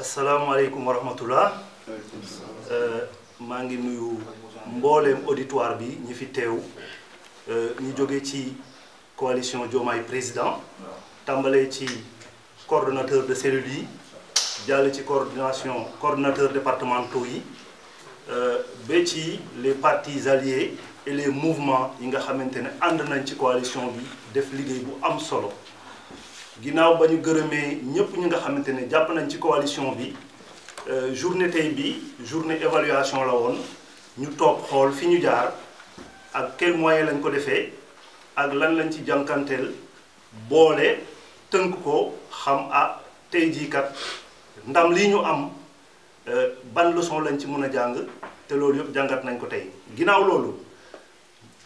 Assalamu alaikum, wa rahmatullah euh, maa ngi nuyu auditoire bi ñi fi teew euh, ñu coalition Diomaye président Tambaleti, ci coordonnateur de cellule yi ci coordination coordinateur départemental. yi euh, les partis alliés et les mouvements yi nga coalition bi def liggéey ginnaaw ba ñu gërëmee ñëpp ñu nga xamante ne jàpp nañ ci coalition bi euh, journée tey bi journée évaluation la woon ñu toog xool fi ñu jaar ak quel moyen lañ ko defee ak lan lañ ci jànkanteel boole tënk ko xam a ah, tey jii kat ndam lii ñu am euh, ban leçon lañ ci mun a jàng te loolu yëpp jàngat nañ ko tey ginnaaw loolu.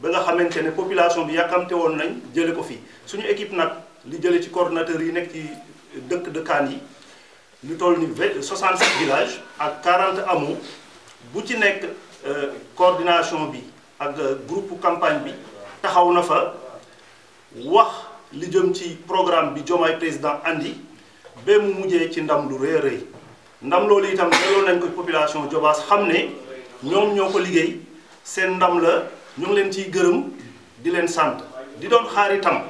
ba nga xamante ne population bi yàkkamte woon nañ jële ko fii suñu équipe nag li jële ci coordonnateur yi nekk ci dëkk dëkkaan yi ñu toll ni vingt 67 villages ak 40 hameaux bu ci nekk euh, coordination bi ak euh, groupe campagne bi taxaw na fa wax li jëm ci programme bi Diomaye président andi ba mu mujjee ci ndam lu rëy a rëy ndam loolu itam delloo nañ ko population Diobass xam ne ñoom ñoo ko liggéey seen ndam la ñoom leen ciy gërëm di leen sant di doon xaar itam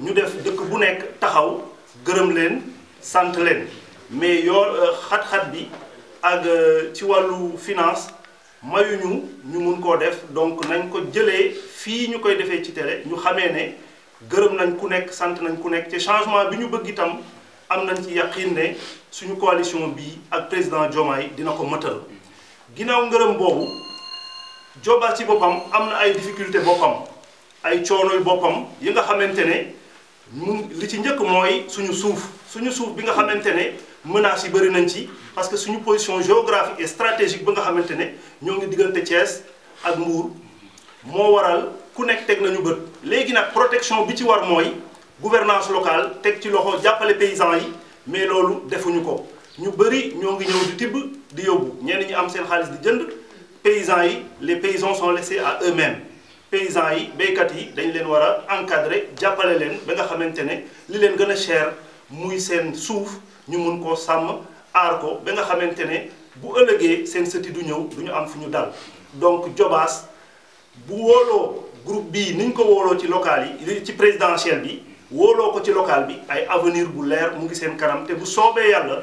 ñu def dëkk bu nekk taxaw gërëm leen sant leen mais yoo euh, xat-xat bi ak euh, ci wàllu finance mayuñu ñu mun koo def donc nañ ko jëlee fii ñu koy defee ci tere ñu xamee ne gërëm nañ ku nekk sant nañ ku nekk ci changement bi ñu bëgg itam am nañ ci yaqin ne suñu coalition bi ak président Diomaye dina ko mëtal ginnaaw ngërëm boobu Jobaas ci boppam am na ay difficulté boppam ay coonoy boppam yi nga xamante ne mu li ci njëkk mooy suñu suuf suñu suuf bi nga xamante ne menaces yi bëri nañ ci parce que suñu position géographique et stratégique bi nga xamante ne ñoo ngi diggante Thiès ak Mbour moo waral ku nekk teg nañu bët. léegi nag protection bi ci war mooy gouvernance local teg ci loxo jàppale paysans yi mais loolu defuñu ko ñu bëri ñoo ngi ñëw di tibb di yóbbu ñenn ñi am seen xaalis di jënd. paysans les paysans sont laissés à eux-mêmes paysans yi béykat yi dañ leen war encadrer jàppale leen ba nga xamante ne li leen gën a cher muy seen suuf ñu mun koo sàmm aar ko ba nga xamante bu ëllëgee seen sëti du ñëw du ñu am fuñu dal donc Jobaas bu wolo groupe bi niñ ko wolo ci local yi ci présidentiel bi wolo ko ci local bi ay avenir bu leer mu ngi seen kanam té bu soobé yalla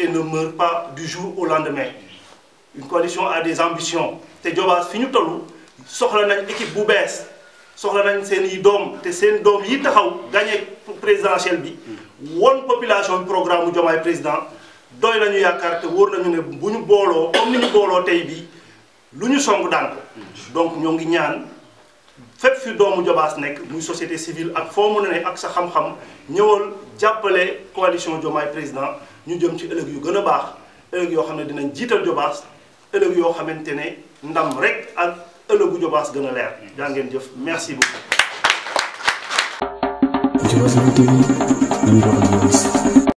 et ne meurt pas du jour au lendemain une coalition a des ambitions te Jobaas fiñu ñu soxla nañ équipe bu bees soxla nañ seen yi dom te seen dom yi taxaw gagné présidentielle bi won population programme mu président doy nañu yaakaar te wóor nañu bolo. bu bolo comme niñu bolo tay bi luñu song donc ñoo ngi ñaan fep fi doomu jobas nek muy société civile ak fo mën a ak sa xam-xam ñëwol jàppale coalition Diomaye président ñu jëm ci ëllëg yu gën a baax ëllëg yoo xam ne dinañ jiital Jobaas ëllëg yoo xamante ne ndam rek ak ëllëgu Jobaas gën a leer jaa ngeen jëf merci beaucoup.